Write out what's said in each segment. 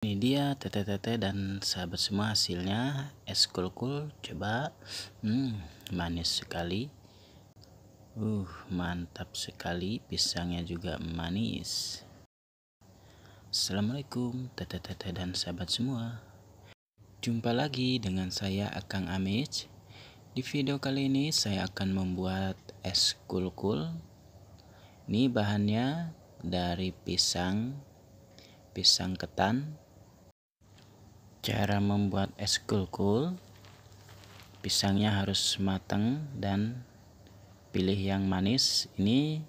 Ini dia TTTT dan sahabat semua hasilnya es kulkul coba hmm, manis sekali uh mantap sekali pisangnya juga manis Assalamualaikum TTTT dan sahabat semua jumpa lagi dengan saya Akang Amit di video kali ini saya akan membuat es kulkul ini bahannya dari pisang pisang ketan Cara membuat es kulkul Pisangnya harus matang dan pilih yang manis Ini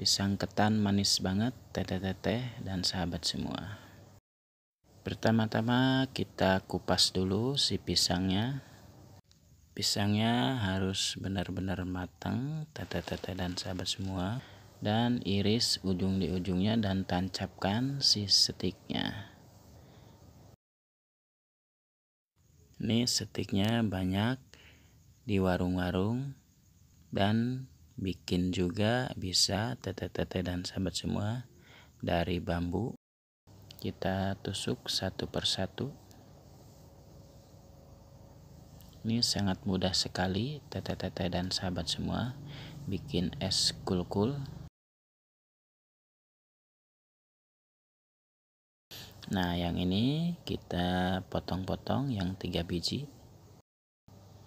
pisang ketan manis banget teteh-teteh dan sahabat semua Pertama-tama kita kupas dulu si pisangnya Pisangnya harus benar-benar matang teteh-teteh dan sahabat semua Dan iris ujung di ujungnya dan tancapkan si stiknya Ini stiknya banyak di warung-warung dan bikin juga bisa tete-tete dan sahabat semua dari bambu. Kita tusuk satu persatu. Ini sangat mudah sekali tete-tete dan sahabat semua bikin es kul -kul. Nah, yang ini kita potong-potong yang tiga biji.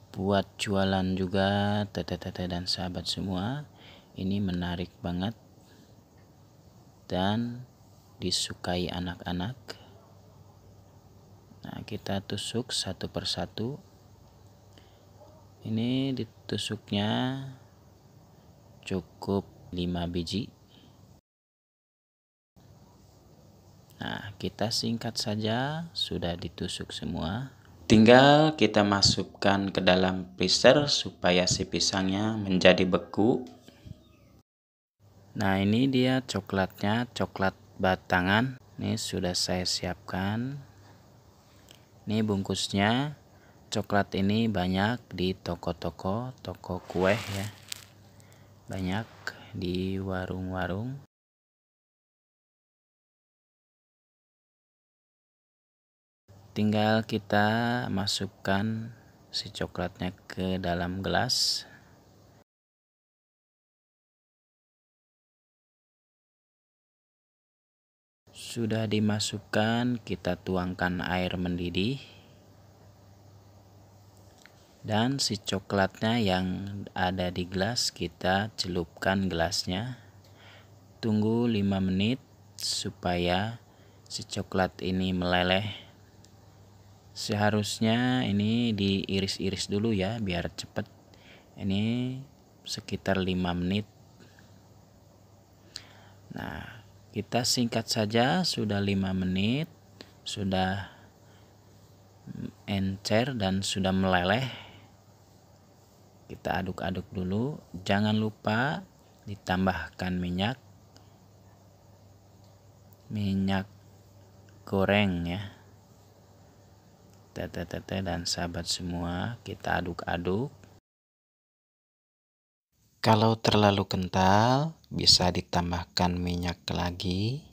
Buat jualan juga teteh-teteh dan sahabat semua. Ini menarik banget dan disukai anak-anak. Nah, kita tusuk satu persatu. Ini ditusuknya cukup lima biji Nah, kita singkat saja, sudah ditusuk semua. Tinggal kita masukkan ke dalam freezer supaya si pisangnya menjadi beku. Nah, ini dia coklatnya, coklat batangan. Ini sudah saya siapkan. Ini bungkusnya. Coklat ini banyak di toko-toko, toko kue ya. Banyak di warung-warung. tinggal kita masukkan si coklatnya ke dalam gelas sudah dimasukkan kita tuangkan air mendidih dan si coklatnya yang ada di gelas kita celupkan gelasnya tunggu 5 menit supaya si coklat ini meleleh seharusnya ini diiris-iris dulu ya biar cepet ini sekitar 5 menit nah kita singkat saja sudah 5 menit sudah encer dan sudah meleleh kita aduk-aduk dulu jangan lupa ditambahkan minyak minyak goreng ya TTTT dan sahabat semua kita aduk-aduk kalau terlalu kental bisa ditambahkan minyak lagi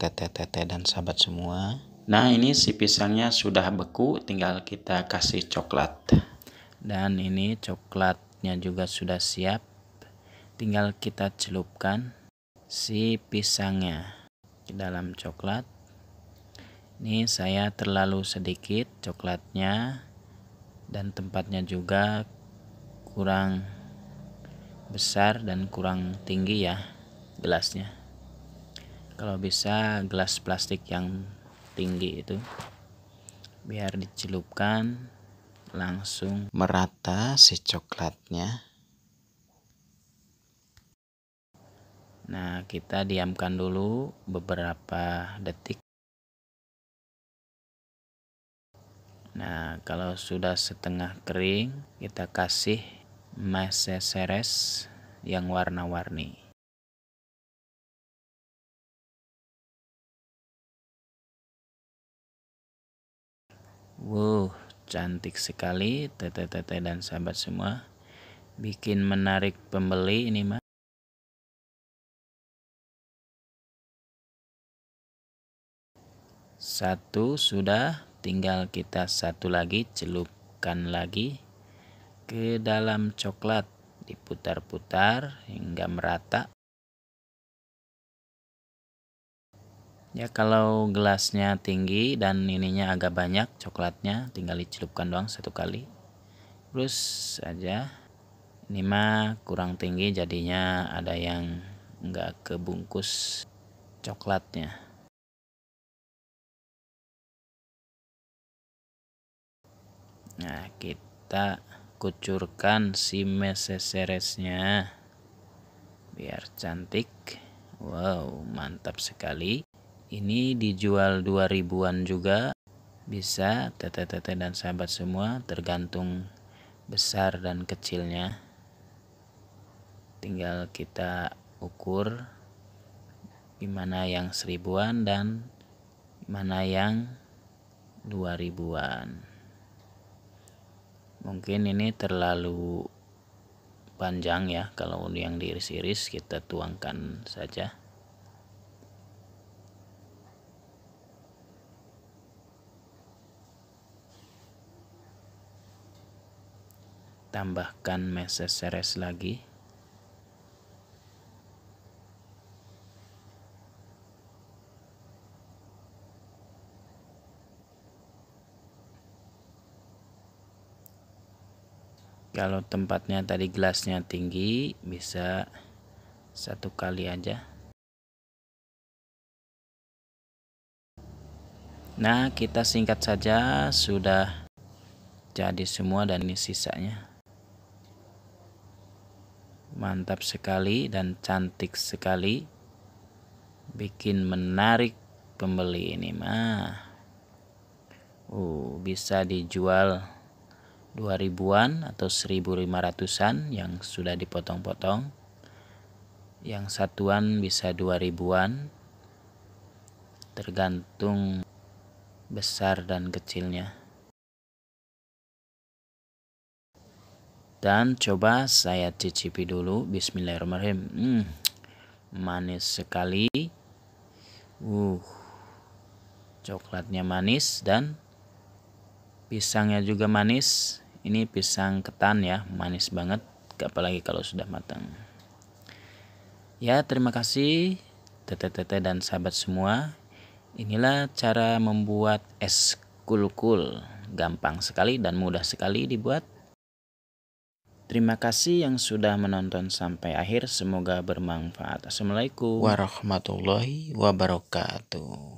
TTTT dan sahabat semua nah ini si pisangnya sudah beku tinggal kita kasih coklat dan ini coklatnya juga sudah siap tinggal kita celupkan si pisangnya ke dalam coklat ini saya terlalu sedikit coklatnya dan tempatnya juga kurang besar dan kurang tinggi ya gelasnya kalau bisa gelas plastik yang tinggi itu biar dicelupkan langsung merata si coklatnya nah kita diamkan dulu beberapa detik Nah, kalau sudah setengah kering, kita kasih meseseres yang warna-warni. Wow, cantik sekali tete-tete dan sahabat semua. Bikin menarik pembeli ini mas. Satu sudah tinggal kita satu lagi celupkan lagi ke dalam coklat diputar-putar hingga merata ya kalau gelasnya tinggi dan ininya agak banyak coklatnya tinggal dicelupkan doang satu kali terus aja ini mah kurang tinggi jadinya ada yang nggak kebungkus coklatnya nah kita kucurkan si meseseresnya biar cantik wow mantap sekali ini dijual dua ribuan juga bisa teteh-teteh dan sahabat semua tergantung besar dan kecilnya tinggal kita ukur mana yang seribuan dan mana yang dua ribuan mungkin ini terlalu panjang ya kalau yang diiris-iris kita tuangkan saja tambahkan meses seres lagi kalau tempatnya tadi gelasnya tinggi bisa satu kali aja nah kita singkat saja sudah jadi semua dan ini sisanya mantap sekali dan cantik sekali bikin menarik pembeli ini mah uh bisa dijual 2000-an atau 1500-an yang sudah dipotong-potong. Yang satuan bisa 2000-an. Tergantung besar dan kecilnya. Dan coba saya cicipi dulu bismillahirrahmanirrahim. Hmm, manis sekali. Uh. Coklatnya manis dan pisangnya juga manis ini pisang ketan ya manis banget apalagi kalau sudah matang ya terima kasih tete-tete dan sahabat semua inilah cara membuat es kulkul gampang sekali dan mudah sekali dibuat Terima kasih yang sudah menonton sampai akhir. Semoga bermanfaat. Assalamualaikum warahmatullahi wabarakatuh.